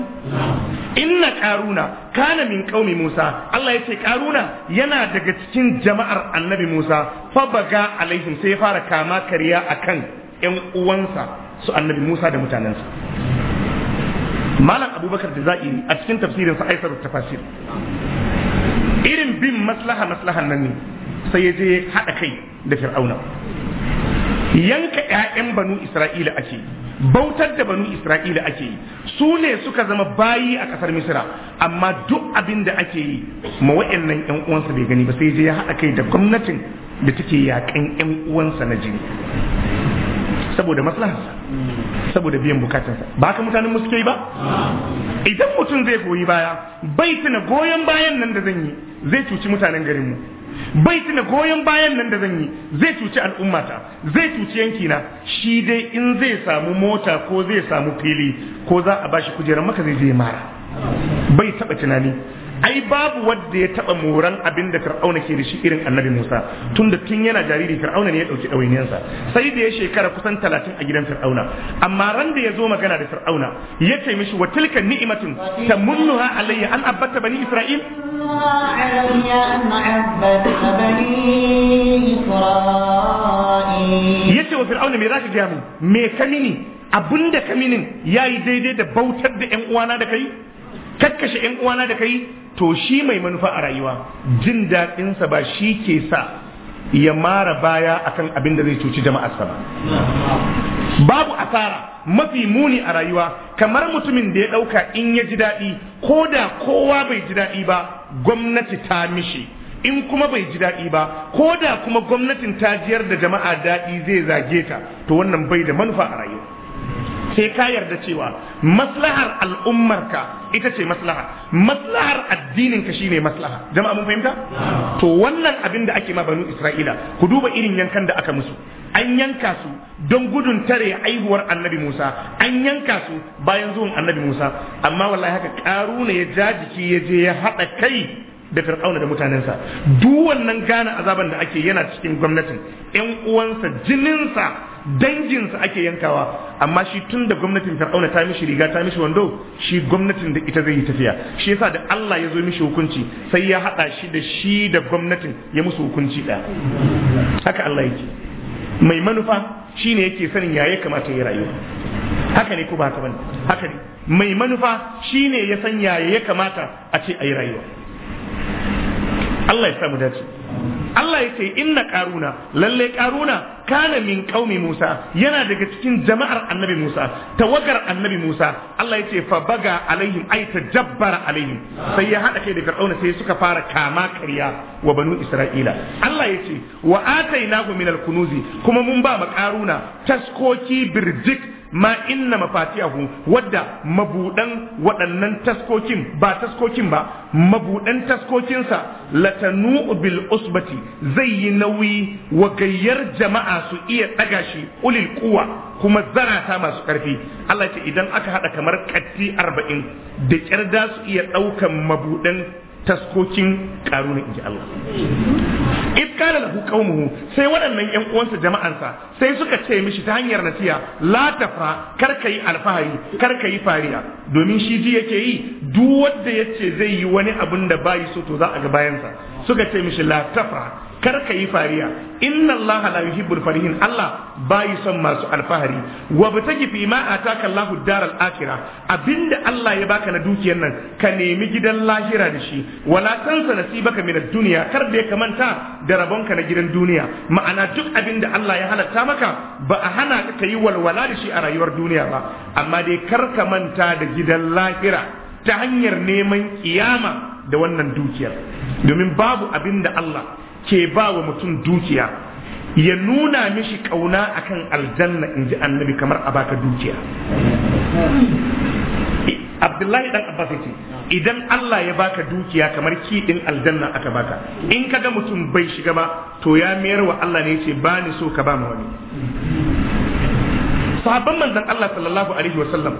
inna karuna kana min qaumi musa Allah yace karuna yana daga cikin jama'ar annabi musa fa baga alaihim sai ya fara kama kariya akan yan uwansa su annabi musa da mutanensa malam abubakar da za'iri a cikin tafsirin sa aisar tafasir irin bin maslaha maslahan nan ne sai je haɗa kai da fir'auna yanka 'ya'yan banu isra'ila ake bautar da banu isra'ila ake yi su ne suka zama bayi a kasar misira amma duk abin da ake yi ma wa'annan yan uwansa bai gani ba sai je ya haɗa kai da gwamnatin da take yakan yan uwansa na jini saboda maslahansa saboda biyan sa, ba ka mutanen mu yi ba idan mutum zai goyi baya bai tuna goyon bayan nan da zan yi zai cuci mutanen garin mu bai tuna goyon bayan nan da zan yi zai cuci al'ummata zai cuci yankina shi dai in zai samu mota ko zai samu fili ko za a bashi kujerar maka zai je mara bai taba tunani ai babu wanda ya taba moran abin da fir'auna ke da shi irin annabi Musa tunda tun yana jariri fir'auna ne ya dauki ɗawainiyarsa sai da ya shekara kusan talatin a gidan fir'auna amma ran da ya zo magana da fir'auna ya ce mishi wa tilka ni'matun tamunnuha alayya an abbata bani isra'il الله علي أن عبدت zaka إسرائيل Me kamini, abinda kaminin abin da ka ya yi daidai da bautar da 'yan uwana da kai kakkashe 'yan uwana da kai to shi mai manufa a rayuwa jin daɗinsa ba shi ke sa ya mara baya akan abin da zai cuci jama'arsa ba babu asara mafi muni a rayuwa kamar mutumin da ya ɗauka in ya ji daɗi ko da kowa bai ji daɗi ba gwamnati ta mishi in kuma bai ji daɗi ba ko da kuma gwamnatin ta jiyar da jama'a daɗi zai zage ta to wannan bai da manufa a rayuwa sai ka yarda cewa maslahar al'ummarka ita ce maslaha maslahar addinin ka shine maslaha jama'a mun fahimta to wannan abin da ake ma banu isra'ila ku duba irin yankan da aka musu an yanka su don gudun tare aihuwar annabi musa an yanka su bayan zuwan annabi musa amma wallahi haka karu ne ya jajiki ya je ya haɗa kai da fir'auna da mutanensa duk wannan gane azaban da ake yana cikin gwamnatin yan uwansa jininsa danginsa ake yankawa amma shi tun da gwamnatin fir'auna ta mishi riga ta mishi wando shi gwamnatin da ita zai yi tafiya shi yasa da Allah ya zo mishi hukunci sai ya hada shi da shi da gwamnatin ya musu hukunci da haka Allah yake mai manufa shine yake sanin ya ya kamata ya rayu haka ne ko ba haka bane haka ne mai manufa shine ya san yaya ya kamata a ce ayi rayuwa Allah ya samu dace Allah ya ce inna karuna lalle karuna kana min qaumi Musa yana daga cikin jama'ar Annabi Musa tawagar Annabi Musa Allah ya ce fa baga alaihim ay tajabbara alaihim sai ya hada kai da Fir'auna sai suka fara kama karya wa banu Isra'ila Allah ya ce wa atainahu min al-kunuzi kuma mun ba ma karuna taskoki birjik ma inna mafatihahu wadda mabudan waɗannan taskokin ba taskokin ba mabudan taskokinsa latanu bil usbati zai yi nauyi wa gayyar jama'a su iya ɗaga shi ulil kuwa kuma zarata masu ƙarfi Allah ce idan aka haɗa kamar katti arba'in da ƙyar su iya ɗaukan mabudan taskokin ƙaruna inji Allah id qala lahu qaumuhu sai waɗannan ƴan uwansa jama'arsa sai suka ce mishi ta hanyar nasiya la tafra kar kai alfahari kar kai fariya domin shi ji yake yi duk wanda yace zai yi wani abin da bai so to za a ga bayansa suka ce mishi la tafra kar ka yi fariya inna allaha la yuhibbul farihin allah bayi son masu alfahari wa bitaki fi ma ataka allahu daral akhirah abinda allah ya baka na dukiyar nan ka nemi gidan lahira da shi wala tansa nasibaka min ad-dunya kar da ka manta da rabonka na gidan duniya ma'ana duk abinda allah ya halatta maka ba a hana ka kayi walwala da shi a rayuwar duniya ba amma dai kar ka manta da gidan lahira ta hanyar neman kiyama da wannan dukiyar domin babu abinda Allah ke ba wa mutum dukiya ya nuna mishi kauna akan aljanna in ji annabi kamar a baka dukiya abdullahi dan abbas ce idan Allah ya baka dukiya kamar kiɗin aljanna aka baka in kaga mutum bai shiga ba to ya mayar wa Allah ne ce ba ni so ka ba ma wani sahabban manzon Allah sallallahu alaihi wasallam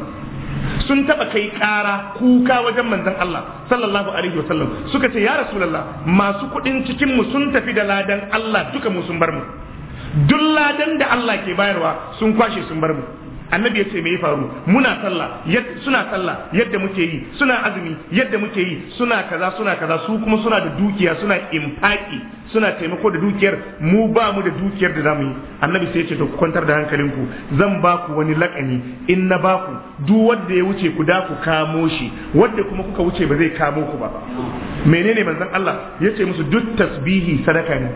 sun taba kai kara kuka wajen manzon Allah sallallahu alaihi wasallam suka ce ya rasulullah masu kudin cikin mu sun tafi da ladan Allah duka mu sun bar mu duk ladan da Allah ke bayarwa sun kwashe sun bar mu annabi ya ce me ya faru muna sallah suna sallah yadda muke yi suna azumi yadda muke yi suna kaza suna kaza su kuma suna da dukiya suna impaki suna taimako da dukiyar mu ba mu da dukiyar da zamu yi annabi sai ya ce to ku kwantar da hankalinku zan ba ku wani lakani in na ba ku duk wanda ya wuce ku da ku kamo shi wanda kuma kuka wuce ba zai kamo ku ba menene manzon Allah ya ce musu duk tasbihi sadaka ne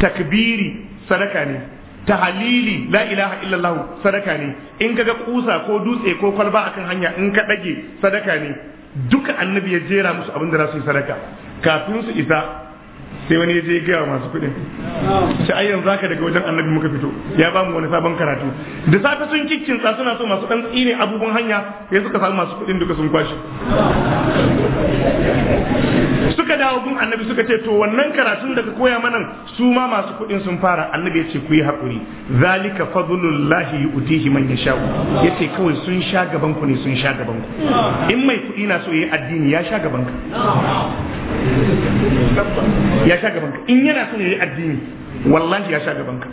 takbiri sadaka ne tahalili la ilaha illallah sadaka ne in kaga kusa ko dutse ko kwalba akan hanya in ka dage sadaka ne duka annabi ya jera musu abin da za su yi sadaka kafin su isa sai wani ya je gaya masu kuɗin sai ai yanzu haka daga wajen annabi muka fito ya ba mu wani sabon karatu da safe sun kikkinsa suna so masu ɗan tsine abubuwan hanya ya suka samu masu kuɗin duka sun kwashe suka dawo gun annabi suka ce to wannan karatun da ka koya mana su ma masu kuɗin sun fara annabi ya ce ku yi haƙuri zalika fadlullahi yu'tihi man yasha ce kawai sun sha gaban ku ne sun sha gaban ku in mai kuɗi na so yayi addini ya sha gaban ka ya sha gabanka in yana so yi addini wallahi ya sha gabanka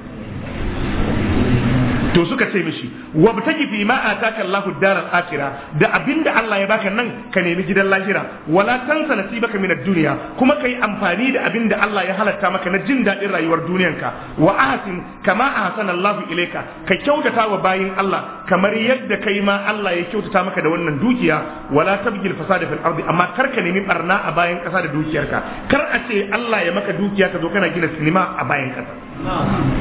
to suka ce mishi wabtaki fi ma ataka Allahu daral akhirah da abinda Allah ya baka nan ka nemi gidan lahira wala tansa nasibaka minad dunya kuma kai amfani da abinda Allah ya halatta maka na jin daɗin rayuwar duniyanka wa ahsin kama ahsana Allahu ilayka ka kyautata wa bayin Allah kamar yadda kai ma Allah ya kyautata maka da wannan dukiya wala tabgil fasada fil ardi amma kar ka nemi barna a bayan kasa da dukiyarka kar a ce Allah ya maka dukiya ka zo kana gina sinima a bayan kasa.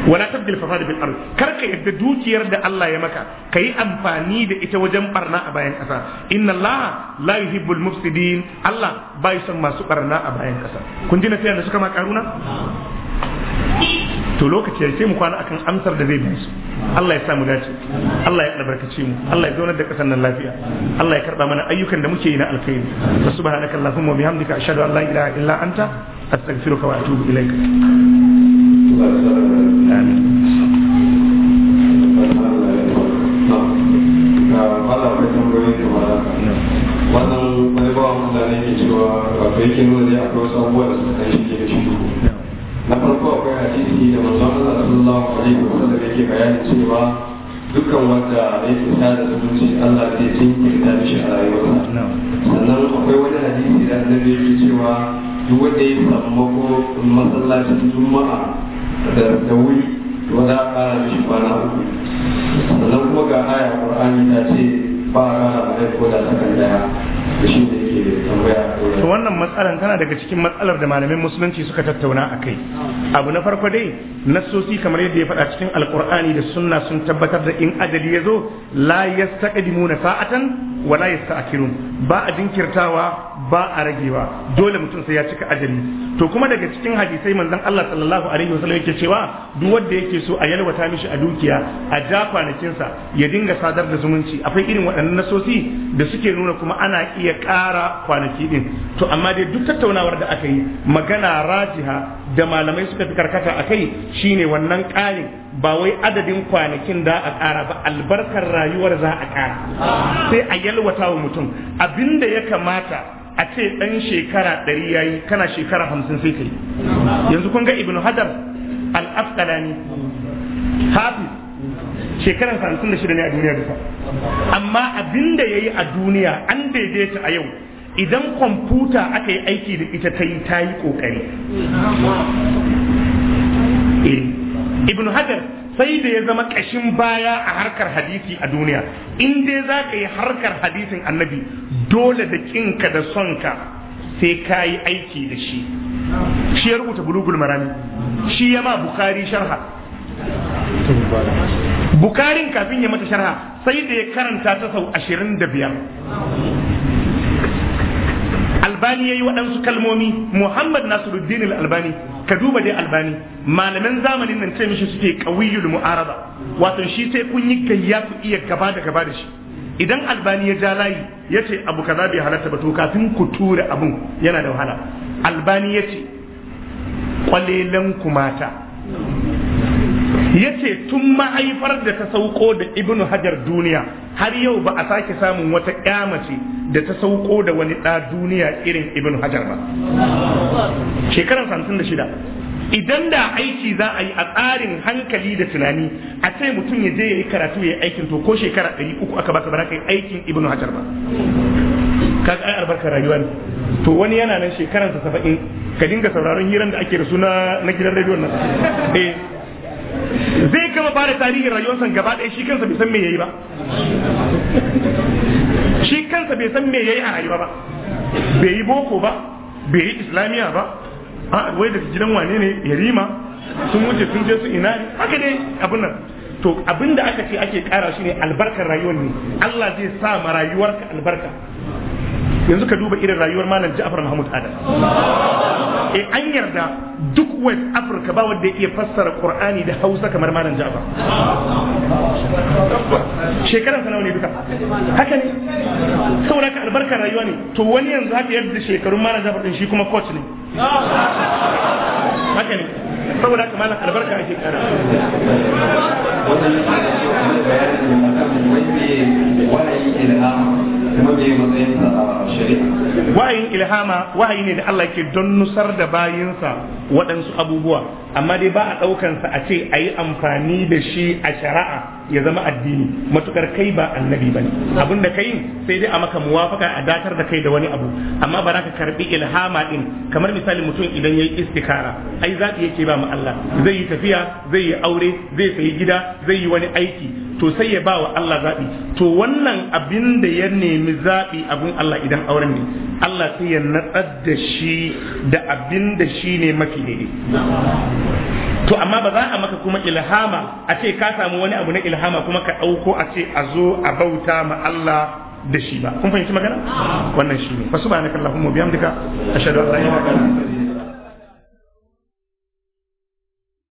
wala tabdil fasad fil ard kar ka yadda dukiyar da Allah ya maka kai amfani da ita wajen barna a bayan kasa inna Allah la yuhibbul mufsidin Allah bai son masu barna a bayan kasa kun ji nasiha da suka ma karuna to lokaci ya mu kwana akan amsar da zai bisu Allah ya samu dace Allah ya albarkace mu Allah ya zaunar da kasan nan lafiya Allah ya karba mana ayyukan da muke yi na alkhairi subhanakallahumma wa bihamdika ashhadu an la ilaha illa anta astaghfiruka wa atubu ilaik wannan wani bawan mutane ke cewa wato yake nuna dai akwai da suka kai shi ke shi na farko akwai da manzon Allah sallallahu alaihi wa sallam yake bayanin cewa dukkan wanda Allah sannan akwai wani hadisi da annabi cewa duk wanda ya samu masallacin juma'a da wuri to za a kara mishi kwana uku sannan kuma ga aya qur'ani ta ce ba a kara ba ko da sakan daya shi da yake tambaya to wannan matsalan tana daga cikin matsalar da malamin musulunci suka tattauna a kai abu na farko dai nassosi kamar yadda ya faɗa cikin alqur'ani da sunna sun tabbatar da in adali ya zo la yastaqdimuna sa'atan wala kirum ba a jinkirtawa ba a ragewa dole mutum sai ya cika ajali to kuma daga cikin hadisai manzon Allah sallallahu alaihi wasallam yake cewa duk wanda yake so a yalwata mishi a dukiya a ja kwanakin sa ya dinga sadar da zumunci akwai irin waɗannan nasosi da suke nuna kuma ana iya ƙara kwanaki din to amma dai duk tattaunawar da aka yi magana rajiha da malamai suka fi karkata akai shine wannan ƙarin ba wai adadin kwanakin da a ƙara ba albarkar rayuwar za a ƙara sai a yalwata wa mutum abinda ya kamata a ce ɗan shekara ɗari yi, kana shekara hamsin sai kai yanzu kun ga Ibn hajar al-asqalani hafiz shekarar hamsin da shida ne a duniya duka amma abin da yi a duniya an daidaita a yau idan kwamfuta aka yi aiki da ita ta yi ta yi ƙoƙari eh. ibnu hajar sai da ya zama ƙashin baya a harkar hadisi a duniya in dai za ka yi harkar hadisin annabi dole da kinka da sonka sai ka yi aiki da shi shi ya rubuta bulugul marami shi ya ma bukari sharha bukarin kafin ya mata sharha sai da ya karanta ta sau ashirin da biyar albani ya yi waɗansu kalmomi muhammad nasiruddin albani ka duba dai albani malaman zamanin nan ce mishi suke qawiyul mu'arada wato shi sai kun yi gayya ku iya gaba da gaba da shi idan albani ya ja layi ya ce abu kaza bai halatta ba to kafin ku tura abun yana da wahala albani ya ce kwalelan ku mata yace tun mahaifar da ta sauko da ibnu hajar duniya har yau ba a sake samun wata mace da ta sauko da wani ɗa duniya irin ibnu hajar ba shekarar 56 idan da aiki za a yi a tsarin hankali da tunani a ce mutum ya je ya yi karatu ya yi aikin to ko shekara ɗari uku aka baka ba ka yi aikin ibnu hajar ba ka ga albarkar rayuwa to wani yana nan shekarar 70 ka dinga sauraron hiran da ake da suna na gidan rediyon nan eh zai kama ba da tarihin rayuwarsa gaba ɗaya shi kansa bai san me yayi ba shi kansa bai san me yayi a rayuwa ba bai yi boko ba bai yi islamiyya ba a wai daga gidan wane ne yarima sun wuce sun je su ina haka dai abin nan to abin da aka ce ake kara shi ne albarkar rayuwar ne Allah zai sa ma rayuwarka albarka yanzu ka duba irin rayuwar malam Ja'far Mahmud Adam eh an yarda duk West Africa ba wanda iya fassara Qur'ani da Hausa kamar malam Ja'far shekaran sa nawa ne duka haka ne saboda ka albarkar rayuwa ne to wani yanzu haka yadda shekarun malam Ja'far din shi kuma coach ne haka ne saboda ka malam albarka ake kara wannan shi ne bayanin da mutum wanda wahayi ilham wahayin ilhama wahayi ne da Allah ke don nusar da bayinsa waɗansu abubuwa amma dai ba a ɗaukansa a ce a yi amfani da shi a shari'a ya zama addini matukar kai ba annabi bane abin da kai sai dai a maka muwafaka a datar da kai da wani abu amma ba za ka karbi ilhama din kamar misali mutum idan yayi istikara ai zabi yake ba mu Allah zai yi tafiya zai yi aure zai sayi gida zai yi wani aiki to sai ya ba wa Allah zabi to wannan abin da ya nemi zabi abun Allah idan auren ne Allah sai ya natsar da shi da abin da shi ne mafi daidai to amma ba za a maka kuma ilhama a ce ka samu wani abu na ilhama ilhama kuma ka ɗauko a ce a zo a bauta ma Allah da shi ba kun fahimci magana wannan shi ne fa subhanakallahumma bihamdika ashhadu an la ilaha illa anta